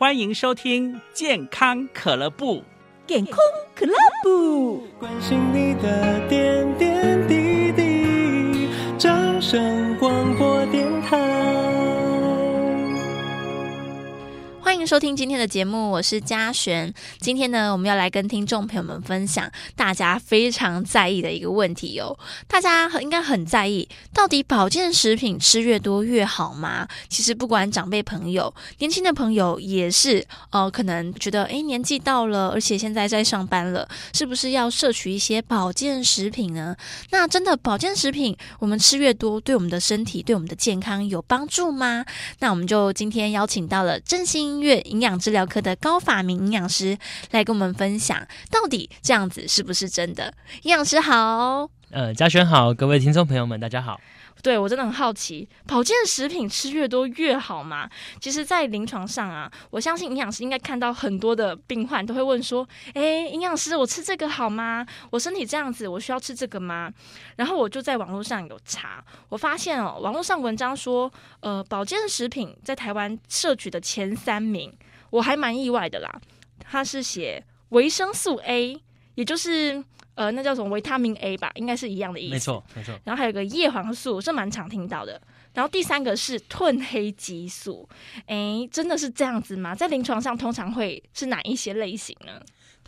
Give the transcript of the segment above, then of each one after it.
歡迎收聽健康可樂部，健康可樂部關心你的點點滴滴，掌聲廣播電。歡迎收聽今天的節目，我是嘉璇。今天呢，我們要來跟聽眾朋友們分享大家非常在意的一個問題哦。大家很應該很在意，到底保健食品吃越多越好嗎？其實，不管長輩朋友、年輕的朋友，也是呃，可能覺得，誒，年紀到了，而且現在在上班了，是不是要攝取一些保健食品呢？那真的保健食品，我們吃越多，對我們的身體、對我們的健康有幫助嗎？那我們就今天邀請到了振興營養治療科的高法民營養師來跟我們分享，到底這樣子是不是真的？營養師好，呃，嘉軒好，各位聽眾朋友們，大家好。對我真的很好奇，保健食品吃越多越好嗎？其實，在臨床上啊，我相信營養師應該看到很多的病患，都會問說：“誒、欸，營養師，我吃這個好嗎？我身體這樣子，我需要吃這個嗎？”然後我就在網絡上有查，我發現哦，網絡上文章說，呃，保健食品在台灣攝取的前三名，我還蠻意外的啦。它是寫維生素 A。也就是呃，那叫什麼維他命 A 吧，應該是一樣的意思，沒錯沒錯。然後還有個葉黃素，是蠻常聽到的。然後第三個是褪黑激素，哎、欸，真的是這樣子嗎？在臨床上通常會是哪一些類型呢？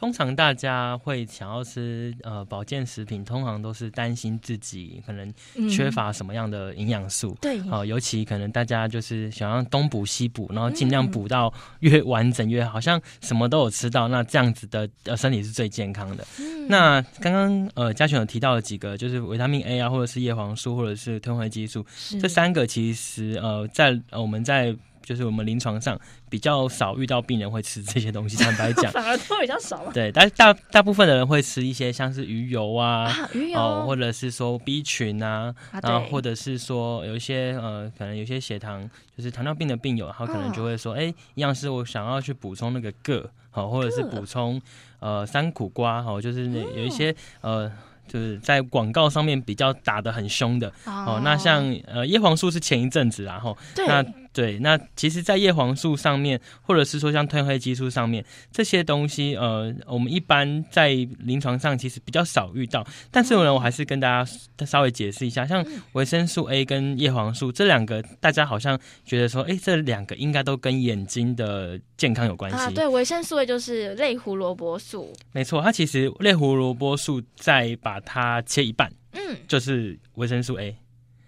通常大家會想要吃呃保健食品，通常都是擔心自己可能缺乏什麼樣的營養素。嗯、對、呃，尤其可能大家就是想要東補西補，然後盡量補到越完整越好、嗯、好像什麼都有吃到，那這樣子的呃身體是最健康的。嗯、那剛剛呃嘉全有提到了幾個，就是維他命 A 啊，或者是葉黃素，或者是褪黑激素，是這三個其實呃在呃我們在。就是我們臨床上比較少遇到病人會吃這些東西，坦白講， 反而都比較少。對，但大大部分的人會吃一些像是魚油啊，啊魚油、哦，或者是說 B 群啊，啊，然後或者是說有一些呃，可能有些血糖就是糖尿病的病友，然後可能就會說，哎、啊，營養師，我想要去補充那個鉻，好、哦，或者是補充呃山苦瓜，好、哦，就是那有一些、啊、呃，就是在廣告上面比較打得很兇的，啊、哦，那像呃葉黃素是前一陣子，然、哦、後對那。對，那其實，在葉黃素上面，或者是說像褪黑激素上面這些東西，呃，我們一般在臨床上其實比較少遇到。但是呢，我還是跟大家稍微解釋一下，像維生素 A 跟葉黃素這兩個，大家好像覺得說，哎，這兩個應該都跟眼睛的健康有關係、啊、對，維生素 A 就是類胡蘿蔔素，沒錯，它、啊、其實類胡蘿蔔素再把它切一半，嗯，就是維生素 A。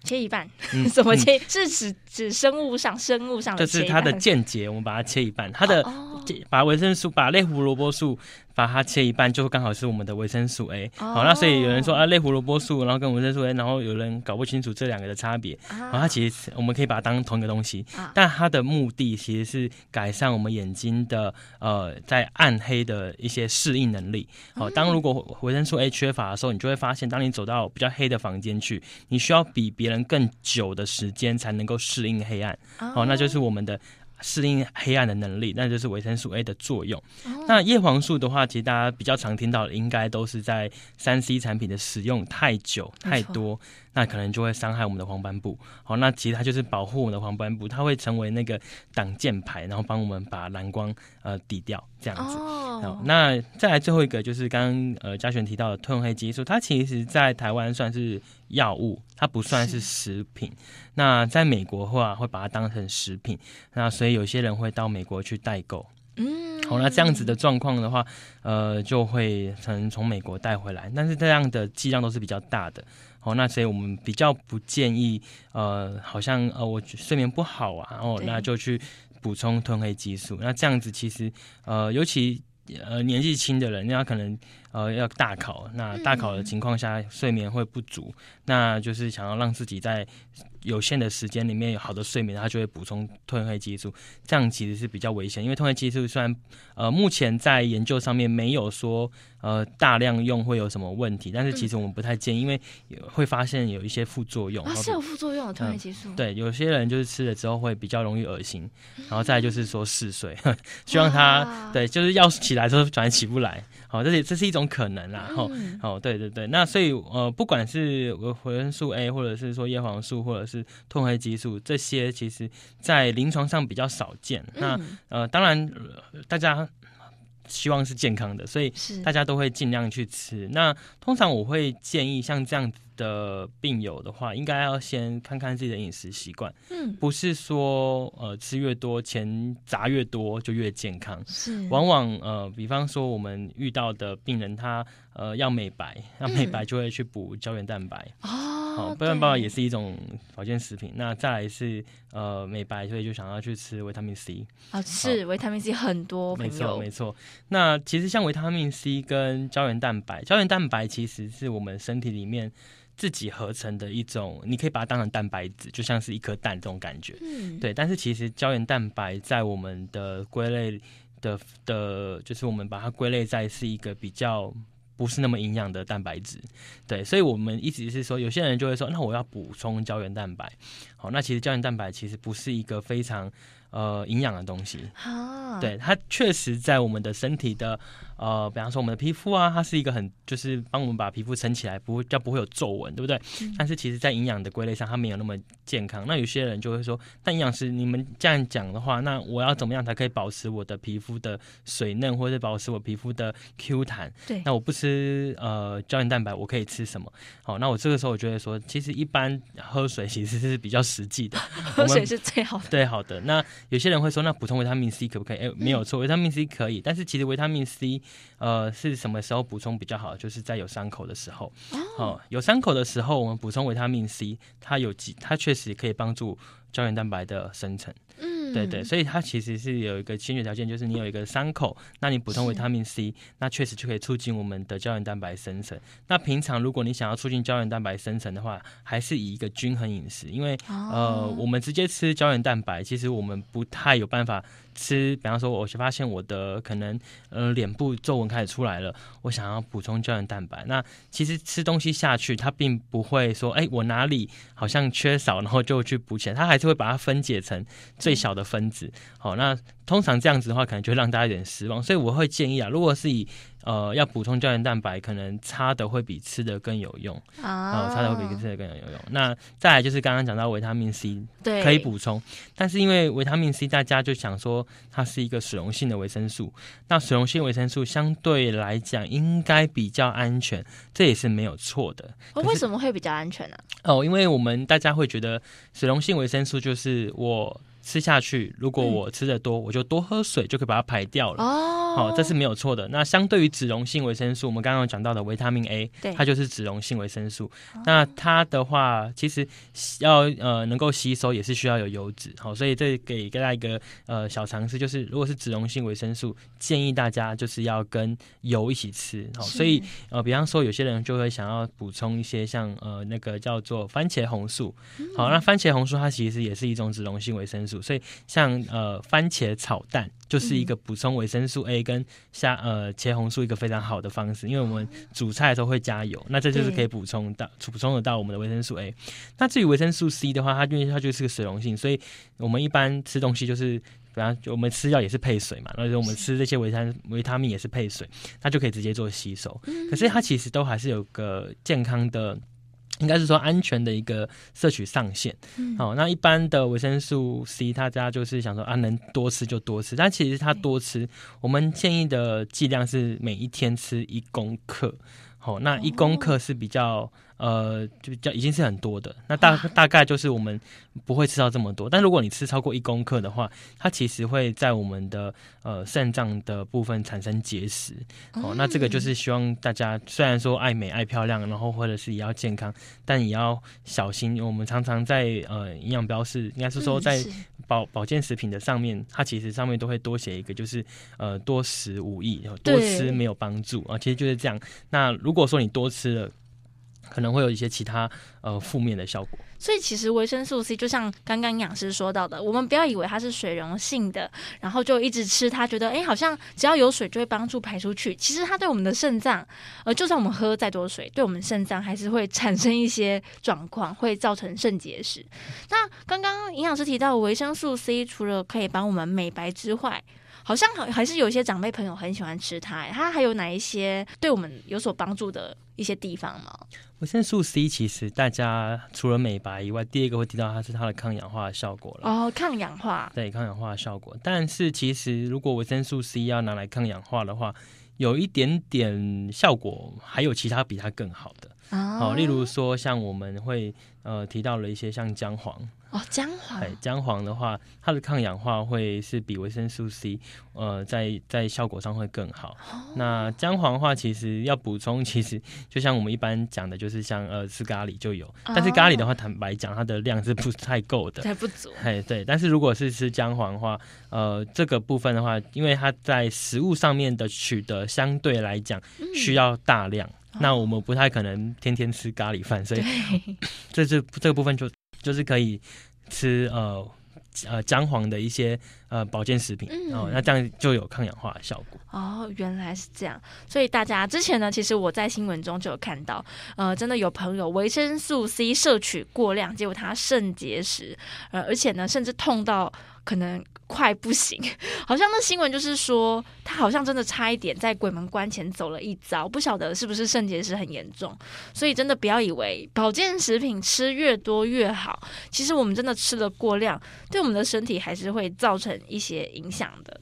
切一半，怎麼、嗯、切？嗯、是指指生物上生物上的，這是它的間接，我們把它切一半，它的、哦。哦把維生素，把類胡蘿蔔素，把它切一半，就剛好是我們的維生素 A。好、oh. 哦，那所以有人說啊，類胡蘿蔔素，然後跟維生素 A，然後有人搞不清楚這兩個的差別。啊、oh. 哦，它其實我們可以把它當同一個東西，oh. 但它的目的其實是改善我們眼睛的呃，在暗黑的一些適應能力。好、哦，當如果維生素 A 缺乏的時候，你就會發現，當你走到比較黑的房間去，你需要比別人更久的時間才能夠適應黑暗。好、oh. 哦，那就是我們的。適應黑暗的能力，那就是維生素 A 的作用。嗯，那葉黃素的話，其實大家比較常聽到的，應該都是在三 C 產品的使用太久太多。那可能就會傷害我們的黃斑部，好，那其實它就是保護我們的黃斑部，它會成為那個擋箭牌，然後幫我們把藍光呃抵掉這樣子、oh.。好，那再來最後一個就是剛剛呃嘉璇提到的褪黑激素，它其實，在台灣算是藥物，它不算是食品。是那在美國的話會把它當成食品，那所以有些人會到美國去代購。嗯，好，那這樣子的狀況的話，呃，就會可能從美國帶回來，但是這樣的劑量都是比較大的。哦，那所以我們比較不建議，呃，好像呃，我睡眠不好啊，哦，對那就去補充褪黑激素。那這樣子其實，呃，尤其呃年紀輕的人，那可能呃要大考，那大考的情況下、嗯、哼睡眠會不足，那就是想要讓自己在。有限的時間裡面有好的睡眠，他就會補充褪黑激素，這樣其實是比較危險，因為褪黑激素雖然呃目前在研究上面沒有說呃大量用會有什麼問題，但是其實我們不太建議，因為會發現有一些副作用。啊，是有副作用的，褪黑激素、嗯。對，有些人就是吃了之後會比較容易噁心，然後再就是說嗜睡，嗯、 希望他哇對就是要起來之後反而起不來。好，這是這是一種可能啦，吼、嗯，好、哦，對對對，那所以呃，不管是維生素 A，或者是說葉黃素，或者是褪黑激素，這些其實在臨床上比較少見。那呃，當然、呃、大家希望是健康的，所以大家都會盡量去吃。是那通常我會建議像這樣子的病友的話，應該要先看看自己的飲食習慣，嗯，不是說呃吃越多，錢砸越多就越健康。是，往往呃，比方說我們遇到的病人，他呃要美白，那美白就會去補膠原蛋白、嗯、好哦，膠原蛋白也是一種保健食品。那再來是呃美白，所以就想要去吃維他命 C 啊，好是維他命 C 很多朋友沒錯，沒錯。那其實像維他命 C 跟膠原蛋白，膠原蛋白其實是我們身體裡面。自己合成的一種，你可以把它當成蛋白質，就像是一顆蛋這種感覺，嗯、對。但是其實膠原蛋白在我們的歸類的的，就是我們把它歸類在是一個比較不是那麼營養的蛋白質，對。所以我們一直是說，有些人就會說，那我要補充膠原蛋白，好，那其實膠原蛋白其實不是一個非常。呃，營養的東西、啊、對，它確實在我們的身體的呃，比方說我們的皮膚啊，它是一個很就是幫我們把皮膚撐起來不，不會叫不會有皺紋，對不對？嗯、但是其實在營養的歸類上，它沒有那麼健康。那有些人就會說，但營養師，你們這樣講的話，那我要怎麼樣才可以保持我的皮膚的水嫩，或者保持我皮膚的 Q 彈？對，那我不吃呃膠原蛋白，我可以吃什麼？好，那我這個時候我覺得說，其實一般喝水其實是比較實際的，喝水是最好的。對，好的，那。有些人會說，那補充維他命 C 可不可以？哎，沒有錯，維他命 C 可以。但是其實維他命 C，呃，是什麼時候補充比較好？就是在有傷口的時候。哦、呃，有傷口的時候，我們補充維他命 C，它有幾，它確實可以幫助膠原蛋白的生成。對對，所以它其實是有一個先決條件，就是你有一個傷口，那你補充維他命 C，是那確實就可以促進我們的膠原蛋白生成。那平常如果你想要促進膠原蛋白生成的話，還是以一個均衡飲食，因為、哦、呃，我們直接吃膠原蛋白，其實我們不太有辦法。吃，比方說，我就發現我的可能，呃，臉部皺紋開始出來了，我想要補充膠原蛋白。那其實吃東西下去，它並不會說，誒、欸、我哪裡好像缺少，然後就去補起來，它還是會把它分解成最小的分子。好，那通常這樣子的話，可能就會讓大家有點失望，所以我會建議啊，如果是以呃，要補充膠原蛋白，可能擦的會比吃的更有用啊，擦、啊、的會比吃的更有用。那再來就是剛剛講到維他命 C，對可以補充，但是因為維他命 C，大家就想說它是一個水溶性的維生素，那水溶性維生素相對來講應該比較安全，這也是沒有錯的、哦。為什麼會比較安全呢、啊？哦，因為我們大家會覺得水溶性維生素就是我。吃下去，如果我吃得多，嗯、我就多喝水，就可以把它排掉了。哦，好，這是沒有錯的。那相對於脂溶性維生素，我們剛剛講到的維他命 A，對，它就是脂溶性維生素。哦、那它的話，其實要呃能夠吸收，也是需要有油脂。好，所以這給大家一個呃小常識，就是如果是脂溶性維生素，建議大家就是要跟油一起吃。好，是所以呃，比方說有些人就會想要補充一些像呃那個叫做番茄紅素。好，嗯嗯好，那番茄紅素它其實也是一種脂溶性維生素。所以像，像呃番茄炒蛋就是一個補充維生素 A 跟蝦，呃茄紅素一個非常好的方式，因為我們煮菜的時候會加油，那這就是可以補充到對補充得到我們的維生素 A。那至於維生素 C 的話，它因為它就是個水溶性，所以我們一般吃東西就是，比方我們吃藥也是配水嘛，那就是我們吃這些維生維他命也是配水，那就可以直接做吸收。可是它其實都還是有個健康的。應該是說安全的一個攝取上限，好、嗯哦，那一般的維生素 C，大家就是想說啊，能多吃就多吃，但其實它多吃，欸、我們建議的劑量是每一天吃一公克，好、哦，那一公克是比較。呃，就較已經是很多的，那大大概就是我們不會吃到這麼多。哇但如果你吃超過一公克的話，它其實會在我們的呃腎臟的部分產生結石。哦，嗯、那這個就是希望大家雖然說愛美愛漂亮，然後或者是也要健康，但也要小心。我們常常在呃營養標示，應該是說在保、嗯、保健食品的上面，它其實上面都會多寫一個，就是呃多食無益，多吃沒有幫助啊對、呃。其實就是這樣。那如果說你多吃了。可能會有一些其他呃負面的效果，所以其實維生素 C 就像剛剛營養師說到的，我們不要以為它是水溶性的，然後就一直吃它，它覺得哎、欸、好像只要有水就會幫助排出去。其實它對我們的腎臟，呃，就算我們喝再多水，對我們腎臟還是會產生一些狀況， 會造成腎結石。那剛剛營養師提到維生素 C 除了可以幫我們美白之外，好像好還是有些長輩朋友很喜歡吃它，欸，它還有哪一些對我們有所幫助的一些地方嗎？維生素 C 其實大家除了美白以外，第二個會提到，它是它的抗氧化的效果了。哦，抗氧化。對，抗氧化的效果。但是其實如果維生素 C 要拿來抗氧化的話，有一點點效果，還有其他比它更好的。哦，例如說像我們會呃提到了一些像薑黃。哦，薑黃。欸、薑黃的話，它的抗氧化會是比維生素 C，呃，在在效果上會更好。哦、那薑黃的話，其實要補充，其實就像我們一般講的，就是像呃吃咖喱就有。但是咖喱的話，哦、坦白講，它的量是不太夠的，還不足、欸。對。但是如果是吃薑黃的話，呃，這個部分的話，因為它在食物上面的取得相對來講、嗯、需要大量，哦、那我們不太可能天天吃咖喱飯，所以對、嗯、這這這個部分就。就是可以吃呃呃薑黃的一些。呃，保健食品，哦，那這樣就有抗氧化的效果哦，原來是這樣，所以大家之前呢，其實我在新聞中就有看到，呃，真的有朋友維生素 C 攝取過量，結果他腎結石，呃，而且呢，甚至痛到可能快不行，好像那新聞就是說，他好像真的差一點在鬼門關前走了一遭，不曉得是不是腎結石很嚴重，所以真的不要以為保健食品吃越多越好，其實我們真的吃了過量，對我們的身體還是會造成。一些影響的。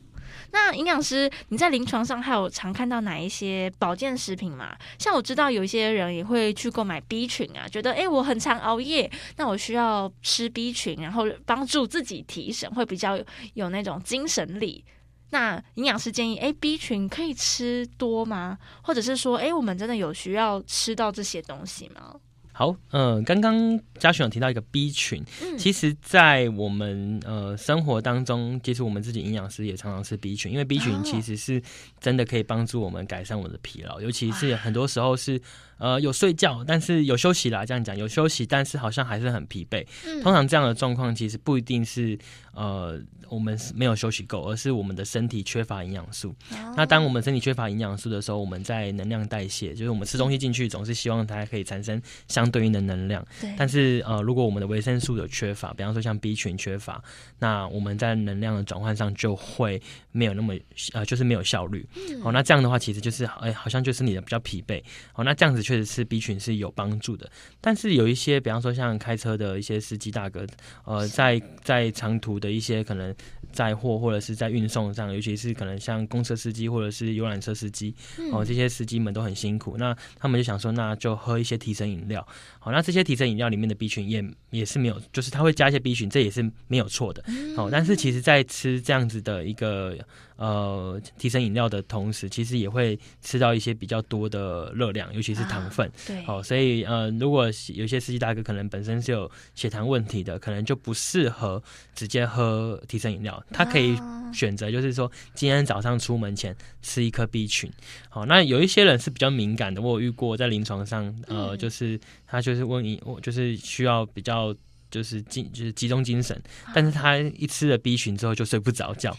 那營養師，你在臨床上還有常看到哪一些保健食品嗎？像我知道有一些人也會去購買 B 群啊，覺得誒我很常熬夜，那我需要吃 B 群，然後幫助自己提神，會比較有那種精神力。那營養師建議，誒 B 群可以吃多嗎？或者是說，誒我們真的有需要吃到這些東西嗎？好，呃，剛剛嘉軒有提到一個 B 群。其實，在我們呃生活當中，其實我們自己營養師也常常吃 B 群，因為 B 群其實是真的可以幫助我們改善我的疲勞，尤其是很多時候是呃有睡覺，但是有休息啦，這樣講有休息，但是好像還是很疲憊。通常這樣的狀況其實不一定是。呃，我們是沒有休息夠，而是我們的身體缺乏營養素。Oh. 那當我們身體缺乏營養素的時候，我們在能量代謝，就是我們吃東西進去，總是希望它可以產生相對應的能量。對。但是呃，如果我們的維生素有缺乏，比方說像 B 群缺乏，那我們在能量的轉換上就會沒有那麼呃，就是沒有效率。好、哦，那這樣的話，其實就是哎，好像就是你的比較疲憊。好、哦，那這樣子確實是 B 群是有幫助的。但是有一些，比方說像開車的一些司機大哥，呃，在在長途。的一些可能。載貨或者是在運送上，尤其是可能像公車司機或者是遊覽車司機，嗯、哦，這些司機們都很辛苦，那他們就想說，那就喝一些提神飲料。好，那這些提神飲料裡面的 B 群也也是沒有，就是他會加一些 B 群，這也是沒有錯的。哦，但是其實在吃這樣子的一個呃提神飲料的同時，其實也會吃到一些比較多的熱量，尤其是糖分。啊、對，哦，所以呃，如果有些司機大哥可能本身是有血糖問題的，可能就不適合直接喝提神飲料。他可以選擇，就是說今天早上出門前吃一顆 B 群。好，那有一些人是比較敏感的，我有遇過在臨床上，呃，就是他就是問你，我就是需要比較。就是精就是集中精神，但是他一吃了 B 群之後就睡不着覺，啊、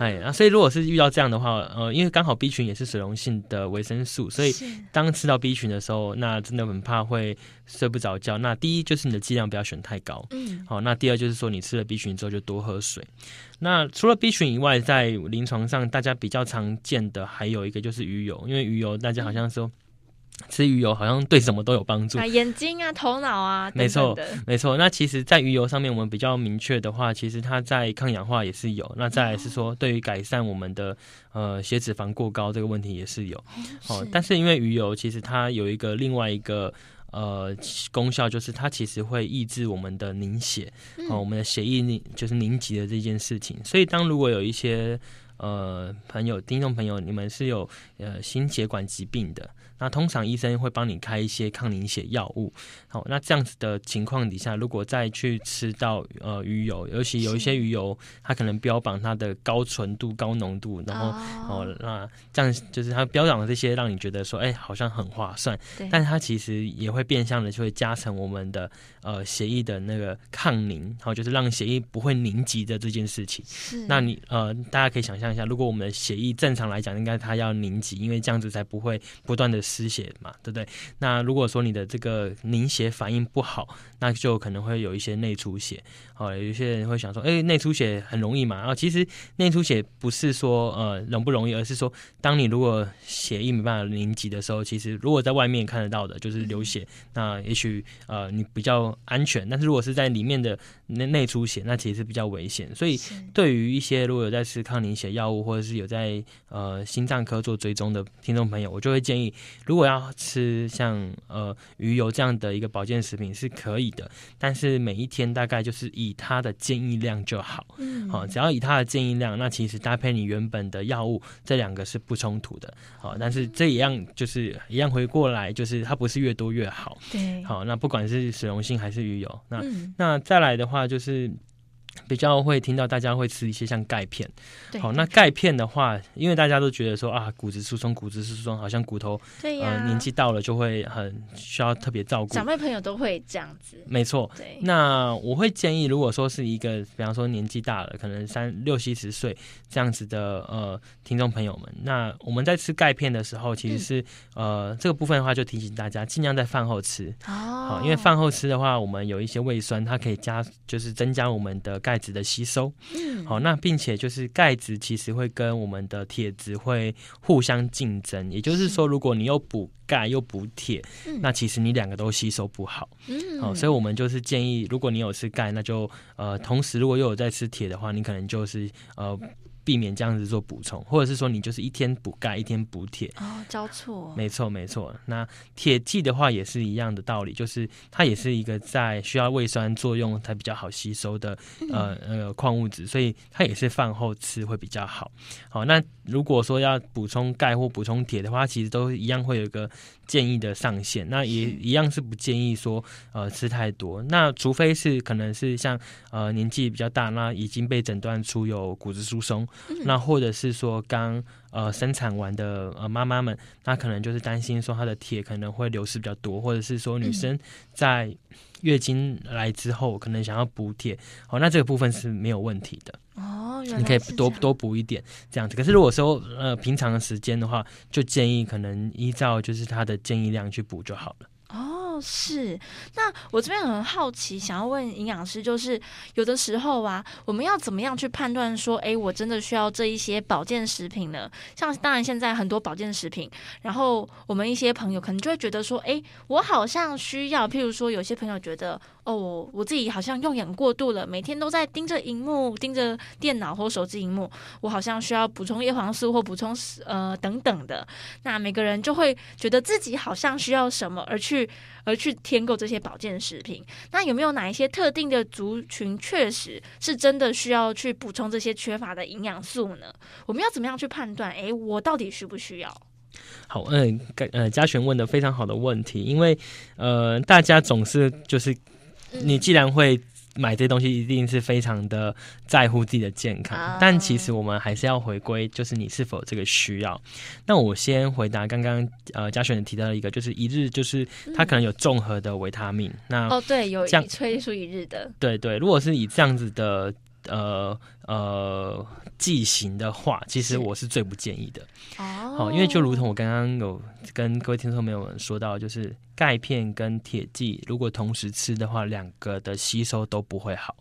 哎、啊，所以如果是遇到這樣的話，呃，因為剛好 B 群也是水溶性的維生素，所以當吃到 B 群的時候，那真的很怕會睡不着覺。那第一就是你的劑量不要選太高，嗯，好、哦，那第二就是說你吃了 B 群之後就多喝水。那除了 B 群以外，在臨床上大家比較常見的還有一個就是魚油，因為魚油大家好像說。嗯吃魚油好像對什麼都有幫助、啊，眼睛啊、頭腦啊，等等，沒錯，沒錯。那其實，在魚油上面，我們比較明確的話，其實它在抗氧化也是有。那再來是說，對於改善我們的、嗯、呃血脂肪過高這個問題也是有。哦，是。但是因為魚油其實它有一個另外一個呃功效，就是它其實會抑制我們的凝血，啊、嗯、我們的血液凝就是凝集的這件事情。所以，當如果有一些呃，朋友，聽眾朋友，你們是有呃心血管疾病的，那通常醫生會幫你開一些抗凝血藥物。好，那這樣子的情況底下，如果再去吃到呃魚油，尤其有一些魚油，是它可能標榜它的高純度、高濃度，然後哦、oh.，那這樣就是它標榜的這些，讓你覺得說，哎、欸，好像很划算，對但是它其實也會變相的就會加成我們的呃血液的那個抗凝，好，就是讓血液不會凝集的這件事情。是，那你呃，大家可以想像。想一下，如果我們的血液正常來講，應該它要凝集，因為這樣子才不會不斷的失血嘛，對不對？那如果說你的這個凝血反應不好，那就可能會有一些內出血。好、哦，有些人會想說，誒，內出血很容易嘛？然後、哦、其實內出血不是說呃容不容易，而是說，當你如果血液沒辦法凝集的時候，其實如果在外面看得到的，就是流血，那也許呃你比較安全。但是如果是在裡面的，內內出血，那其實是比較危險，所以對於一些如果有在吃抗凝血藥物或者是有在呃心臟科做追蹤的聽眾朋友，我就會建議，如果要吃像呃魚油這樣的一個保健食品是可以的，但是每一天大概就是以它的建議量就好，好、嗯，只要以它的建議量，那其實搭配你原本的藥物這兩個是不衝突的，好，但是這一樣就是一樣回過來就是它不是越多越好，對，好，那不管是水溶性還是魚油，那、嗯、那再來的話。那就是。比較會聽到大家會吃一些像鈣片，對好，那鈣片的話，因為大家都覺得說啊，骨質疏鬆，骨質疏鬆，好像骨頭，對呀、呃、年紀到了就會很需要特別照顧，長輩朋友都會這樣子，沒錯錯，對，那我會建議，如果說是一個，比方說年紀大了，可能三六七十歲這樣子的呃聽眾朋友們，那我們在吃鈣片的時候，其實是、嗯、呃這個部分的話，就提醒大家盡量在飯後吃哦，好，因為飯後吃的話，我們有一些胃酸，它可以加就是增加我們的鈣。鈣質的吸收，好，那並且就是鈣質其實會跟我們的鐵質會互相競爭，也就是說，如果你又補鈣又補鐵，那其實你兩個都吸收不好，嗯，好，所以我們就是建議，如果你有吃鈣，那就呃，同時如果又有在吃鐵的話，你可能就是呃。避免這樣子做補充，或者是說你就是一天補鈣，一天補鐵，哦，交錯，沒錯沒錯。那鐵劑的話也是一樣的道理，就是它也是一個在需要胃酸作用才比較好吸收的呃呃礦物質，所以它也是飯後吃會比較好。好，那如果說要補充鈣或補充鐵的話，其實都一樣會有一個建議的上限，那也一樣是不建議說呃吃太多。那除非是可能是像呃年紀比較大，那已經被診斷出有骨質疏鬆。嗯，那或者是說剛呃生產完的呃媽媽們，她可能就是擔心說她的鐵可能會流失比較多，或者是說女生在月經來之後可能想要補鐵，哦，那這個部分是沒有問題的哦，你可以多多補一點這樣子。可是如果說呃平常的時間的話，就建議可能依照就是她的建議量去補就好了。就、哦、是，那我這邊很好奇，想要問營養師，就是有的時候啊，我們要怎麼樣去判斷說，哎、欸，我真的需要這一些保健食品呢？像當然現在很多保健食品，然後我們一些朋友可能就會覺得說，哎、欸，我好像需要，譬如說，有些朋友覺得，哦，我自己好像用眼過度了，每天都在盯着熒幕、盯着電腦或手機熒幕，我好像需要補充葉黃素或補充呃等等的。那每個人就會覺得自己好像需要什麼而去。而去添購這些保健食品，那有沒有哪一些特定的族群，確實是真的需要去補充這些缺乏的營養素呢？我們要怎麼樣去判斷？誒、欸，我到底需不需要？好，嗯，呃，嘉璇問的非常好的問題，因為呃，大家總是就是，你既然會。嗯買這些東西一定是非常的在乎自己的健康，啊、但其實我們還是要回歸，就是你是否這個需要。那我先回答剛剛呃嘉璇提到的一個，就是一日，就是他可能有綜合的維他命。嗯、那哦對，有這樣有催促一日的，對，對對，如果是以這樣子的。呃呃，劑、呃、型的話，其實我是最不建議的。哦，好，oh，因為就如同我剛剛有跟各位聽眾朋友們說到，就是鈣片跟鐵劑如果同時吃的話，兩個的吸收都不會好。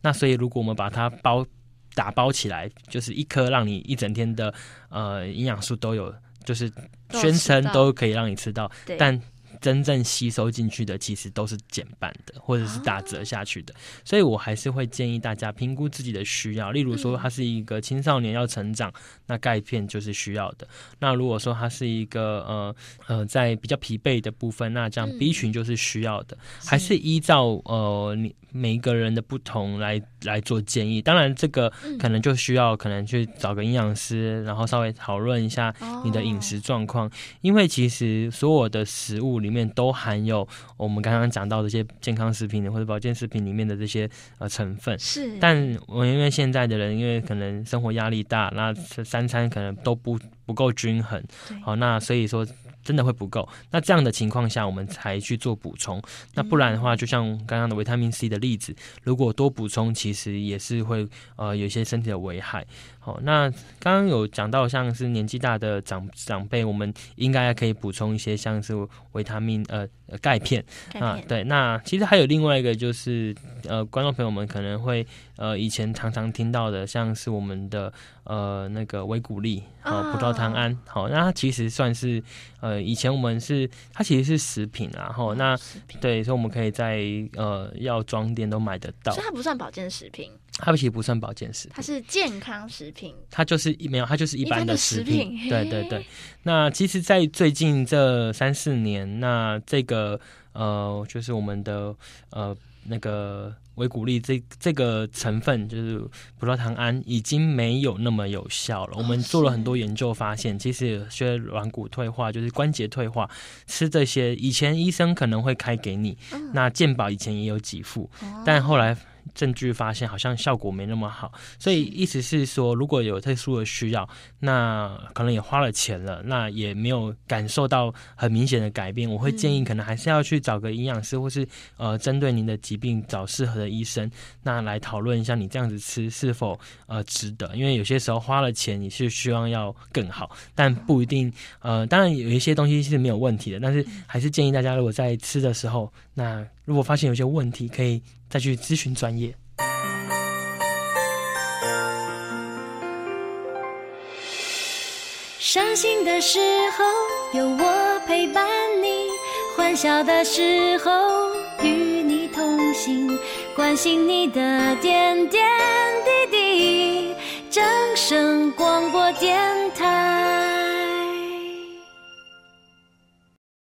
那所以如果我們把它包打包起來，就是一顆讓你一整天的呃營養素都有，就是宣稱都可以讓你吃到，到對但。真正吸收進去的其實都是減半的，或者是打折下去的，啊、所以我還是會建議大家評估自己的需要。例如說，他是一個青少年要成長，那鈣片就是需要的。那如果說他是一個呃呃在比較疲憊的部分，那這樣 B 群就是需要的。嗯、還是依照呃你每一個人的不同來來做建議。當然，這個可能就需要可能去找個營養師，然後稍微討論一下你的飲食狀況，哦、因為其實所有的食物裡面。面都含有我們剛剛講到的這些健康食品或者保健食品裡面的這些呃成分，是。但我因為現在的人，因為可能生活壓力大，那三餐可能都不。不夠均衡，好對、哦，那所以說真的會不夠。那這樣的情況下，我們才去做補充。那不然的話，就像剛剛的維他命 C 的例子，如果多補充，其實也是會呃有一些身體的危害。好、哦，那剛剛有講到，像是年紀大的長長輩，我們應該還可以補充一些像是維他命呃鈣片，鈣片啊。對，那其實還有另外一個就是呃，觀眾朋友們可能會呃以前常常聽到的，像是我們的呃那個維骨力啊不知道。呃糖胺，好、哦，那它其實算是，呃，以前我們是它其實是食品，啊，然後那食品，對，所以我們可以在呃藥妝店都買得到。所以它不算保健食品，它其實不算保健食品，它是健康食品，它就是沒有，它就是一般的食品。食品對對對。那其實，在最近這三四年，那這個呃，就是我們的呃。那個維骨力這這個成分就是葡萄糖胺已經沒有那麼有效了。我們做了很多研究，發現其實有些軟骨退化就是關節退化，吃這些以前醫生可能會開給你。那健保以前也有給付，但後來。證據發現好像效果沒那麼好，所以意思是說，如果有特殊的需要，那可能也花了錢了，那也沒有感受到很明顯的改變。我會建議，可能還是要去找個營養師，或是呃，針對您的疾病找適合的醫生，那來討論一下你這樣子吃是否呃值得。因為有些時候花了錢，你是希望要更好，但不一定。呃，當然有一些東西是沒有問題的，但是還是建議大家，如果在吃的時候，那。如果發現有些問題，可以再去諮詢專業。傷心的時候有我陪伴你，歡笑的時候與你同行，關心你的點點滴滴。正聲廣播電台。